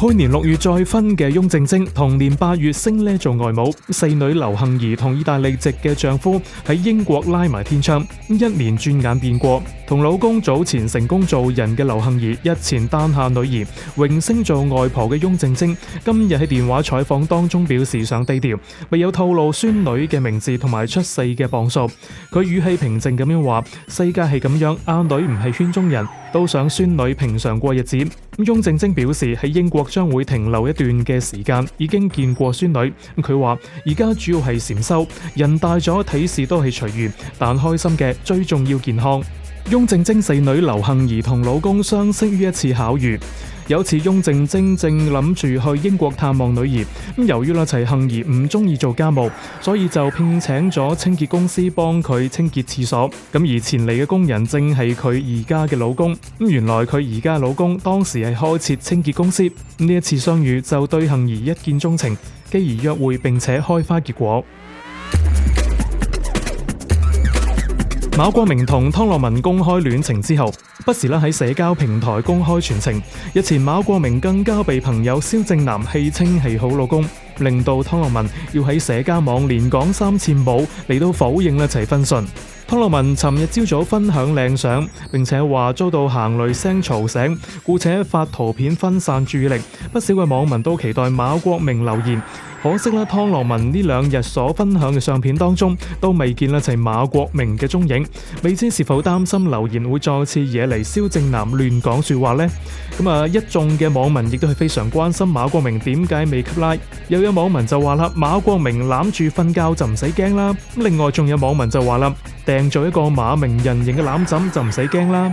去年六月再婚嘅翁靜晶同年八月升呢做外母。細女劉杏兒同意大利籍嘅丈夫喺英國拉埋天窗。一年轉眼變過，同老公早前成功做人嘅劉杏兒，日前誕下女兒，榮升做外婆嘅翁靜晶今日喺電話採訪當中表示想低調，未有透露孫女嘅名字同埋出世嘅磅數。佢語氣平靜咁樣話：世界係咁樣，阿女唔係圈中人。都想孫女平常過日子。咁翁靜晶表示喺英國將會停留一段嘅時間，已經見過孫女。佢話：而家主要係禪修，人大咗睇事都係隨緣，但開心嘅最重要健康。雍正貞四女劉杏兒同老公相識於一次巧遇。有次雍正貞正諗住去英國探望女兒，咁由於阿齊杏兒唔中意做家務，所以就聘請咗清潔公司幫佢清潔廁所。咁而前嚟嘅工人正係佢而家嘅老公。咁原來佢而家老公當時係開設清潔公司。呢一次相遇就對杏兒一見鍾情，繼而約會並且開花結果。馬國明同湯洛雯公開戀情之後，不時咧喺社交平台公開傳情。日前馬國明更加被朋友蕭正楠戲稱係好老公，令到湯洛雯要喺社交網連講三次冇，嚟到否認一齊分信。湯洛雯尋日朝早分享靚相，並且話遭到行雷聲嘈醒，故且發圖片分散注意力。不少嘅網民都期待馬國明留言。可惜啦，湯洛雯呢兩日所分享嘅相片當中，都未見啦齊馬國明嘅蹤影，未知是否擔心留言會再次惹嚟蕭正楠亂講說話呢？咁、嗯、啊，一眾嘅網民亦都係非常關心馬國明點解未畀 like？又有網民就話啦，馬國明攬住瞓覺就唔使驚啦。另外仲有網民就話啦，訂咗一個馬明人形嘅攬枕就唔使驚啦。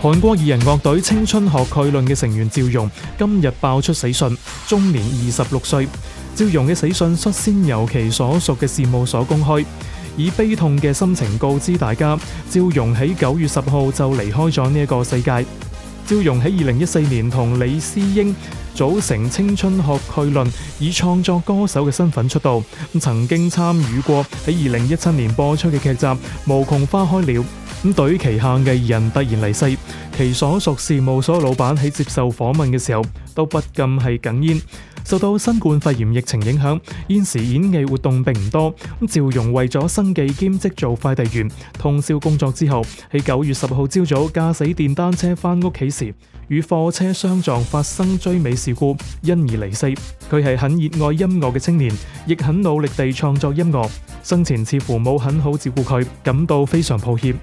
韓國二人樂隊青春學概論嘅成員趙容今日爆出死訊，終年二十六歲。趙容嘅死訊率先由其所屬嘅事務所公開，以悲痛嘅心情告知大家。趙容喺九月十號就離開咗呢一個世界。趙容喺二零一四年同李思英組成青春學概論，以創作歌手嘅身份出道，曾經參與過喺二零一七年播出嘅劇集《無窮花開了》。對於旗下藝人突然離世，其所屬事務所老闆喺接受訪問嘅時候都不禁係哽咽。受到新冠肺炎疫情影響，現時演藝活動並唔多。咁趙蓉為咗生計兼職做快遞員，通宵工作之後，喺九月十號朝早駕駛電單車翻屋企時，與貨車相撞，發生追尾事故，因而離世。佢係很熱愛音樂嘅青年，亦很努力地創作音樂。生前似乎冇很好照顧佢，感到非常抱歉。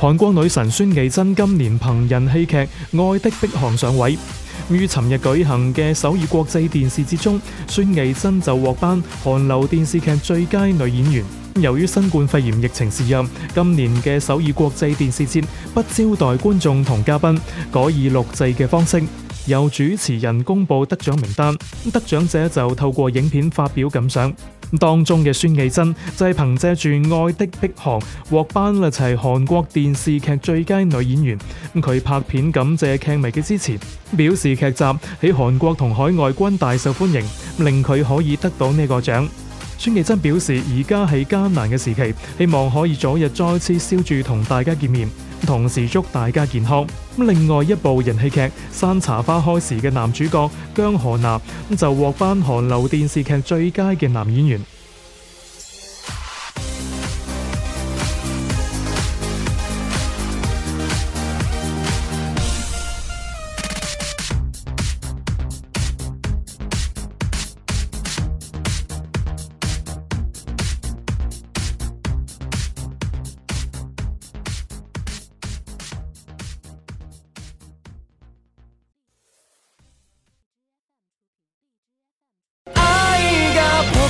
韓國女神孫藝珍今年憑人戲劇《愛的迫降》上位，於尋日舉行嘅首爾國際電視節中，孫藝珍就獲頒韓流電視劇最佳女演員。由於新冠肺炎疫情肆虐，今年嘅首爾國際電視節不招待觀眾同嘉賓，改以錄製嘅方式，由主持人公佈得獎名單，得獎者就透過影片發表感想。當中嘅孫藝珍就係、是、憑藉住《愛的迫降》獲頒一齊韓國電視劇最佳女演員。佢拍片感謝劇迷嘅支持，表示劇集喺韓國同海外均大受歡迎，令佢可以得到呢個獎。孫藝珍表示，而家係艱難嘅時期，希望可以早日再次笑住同大家見面，同時祝大家健康。咁另外一部人氣劇《山茶花開時》嘅男主角姜河那咁就獲翻韓流電視劇最佳嘅男演員。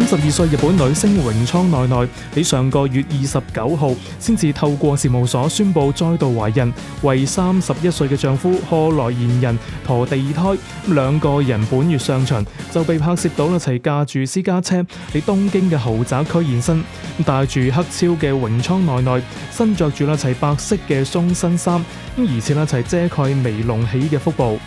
三十二歲日本女星榮倉奈奈喺上個月二十九號，先至透過事務所宣布再度懷孕，為三十一歲嘅丈夫賀來賢人陀第二胎。兩個人本月上旬就被拍攝到一齊駕住私家車喺東京嘅豪宅區現身，戴住黑超嘅榮倉奈奈身着住一齊白色嘅鬆身衫，而且一齊遮蓋微隆起嘅腹部。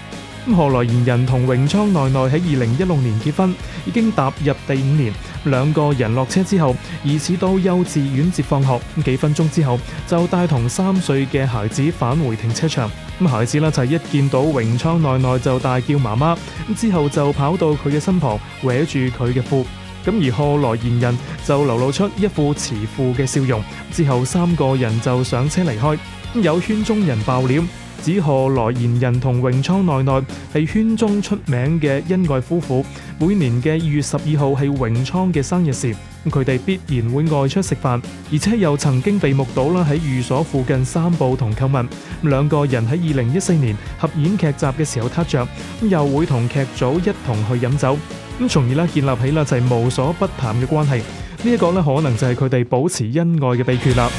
何來賢人同泳倉奈奈喺二零一六年結婚，已經踏入第五年。兩個人落車之後，疑似到幼稚園接放學，咁幾分鐘之後就帶同三歲嘅孩子返回停車場。咁孩子咧就一見到泳倉奈奈就大叫媽媽，之後就跑到佢嘅身旁，搲住佢嘅褲。咁而何來賢人就流露出一副慈父嘅笑容。之後三個人就上車離開。有圈中人爆料。子賀來賢人同榮倉奈奈係圈中出名嘅恩愛夫婦，每年嘅二月十二號係榮倉嘅生日時，佢哋必然會外出食飯，而且又曾經被目睹啦，喺寓所附近散步同購物。咁兩個人喺二零一四年合演劇集嘅時候踏，撻着又會同劇組一同去飲酒，咁從而啦建立起了就係無所不談嘅關係。呢、這、一個咧可能就係佢哋保持恩愛嘅秘訣啦。